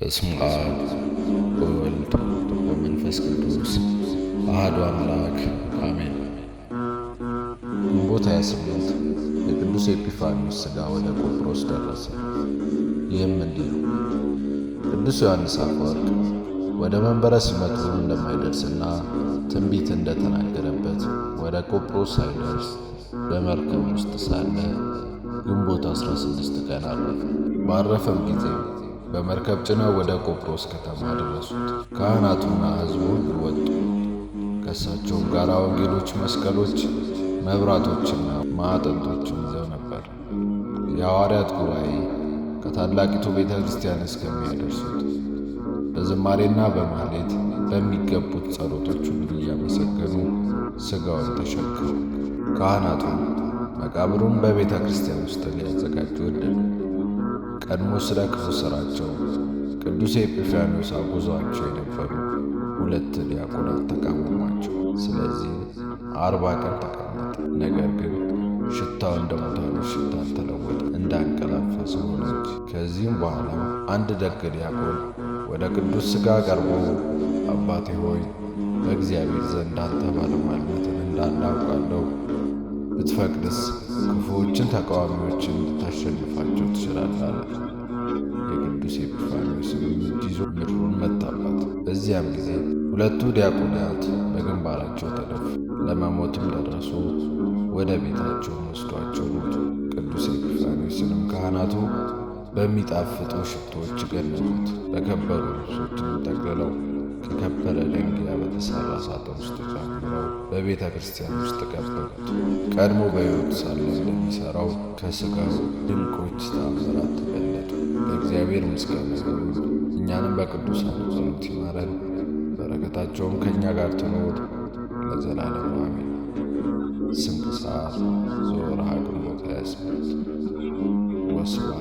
በስመ አብ ወወልድ ወመንፈስ ቅዱስ አሐዱ አምላክ አሜን። ግንቦት 28 የቅዱስ ኤጲፋኒዎስ ሥጋ ወደ ቆጵሮስ ደረሰ። ይህም እንዲህ ነው። ቅዱስ ዮሐንስ አፈወርቅ ወደ መንበረ ሲመቱ እንደማይደርስና ትንቢት እንደተናገረበት ወደ ቆጵሮስ ሳይደርስ በመርከብ ውስጥ ሳለ ግንቦት 16 ቀን አረፈ። ባረፈም ጊዜ በመርከብ ጭነው ወደ ቆጵሮስ ከተማ ደረሱት። ካህናቱና ሕዝቡ ወጡ። ከእሳቸውም ጋር ወንጌሎች፣ መስቀሎች፣ መብራቶችና ማዕጠንቶችን ይዘው ነበር። የሐዋርያት ጉባኤ ከታላቂቱ ቤተ ክርስቲያን እስከሚያደርሱት በዝማሬና በማሌት በሚገቡት ጸሎቶች ሁሉ እያመሰገኑ ሥጋውን ተሸከሙ። ካህናቱ መቃብሩን በቤተ ክርስቲያን ውስጥ ሊያዘጋጁ ወደዱ። ቀድሞ ስለ ክፉ ስራቸው ቅዱስ ኤጲፋኖስ አጉዟቸው የነበሩ ሁለት ዲያቆናት ተቃወሟቸው። ስለዚህ አርባ ቀን ተቀመጠ። ነገር ግን ሽታው እንደ ሙታኖ ሽታ ተለወጠ፣ እንዳንቀላፈ ሰሆነች። ከዚህም በኋላ አንድ ደግ ዲያቆን ወደ ቅዱስ ሥጋ ቀርቦ አባቴ ሆይ በእግዚአብሔር ዘንድ አንተ ባለማግኘትን እንዳናውቃለሁ ብትፈቅድስ ክፉ ተቃዋሚዎችን ታሸንፋቸው ትችላላለ። የቅዱስ ኤጲፋንዮስም እንዲዞ ምድሩን መታባት። በዚያም ጊዜ ሁለቱ ዲያቆናት በግንባራቸው ተደፉ፣ ለመሞትም ደረሱ። ወደ ቤታቸውን ወስዷቸው ሞቱ። ቅዱስ ኤጲፋንዮስንም ካህናቱ በሚጣፍጡ ሽቶዎች ገነዙት፣ በከበሩ ልብሶችም ጠቅልለው ከከበረ ድንጋይ በተሰራ ሳጥን ውስጥ ጨምረው በቤተ ክርስቲያን ውስጥ ቀበሩት። ቀድሞ በሕይወት ሳለ እንደሚሠራው ከሥጋው ድንቆች ተአምራት ተገለጡ። ለእግዚአብሔር ምስጋና ይሁን። እኛንም በቅዱሳን ጸሎት ይማረን፣ በረከታቸውም ከእኛ ጋር ትኖር ለዘላለም አሜን። ስንክሳር ዘወርኀ ግንቦት 28 ወስብሐት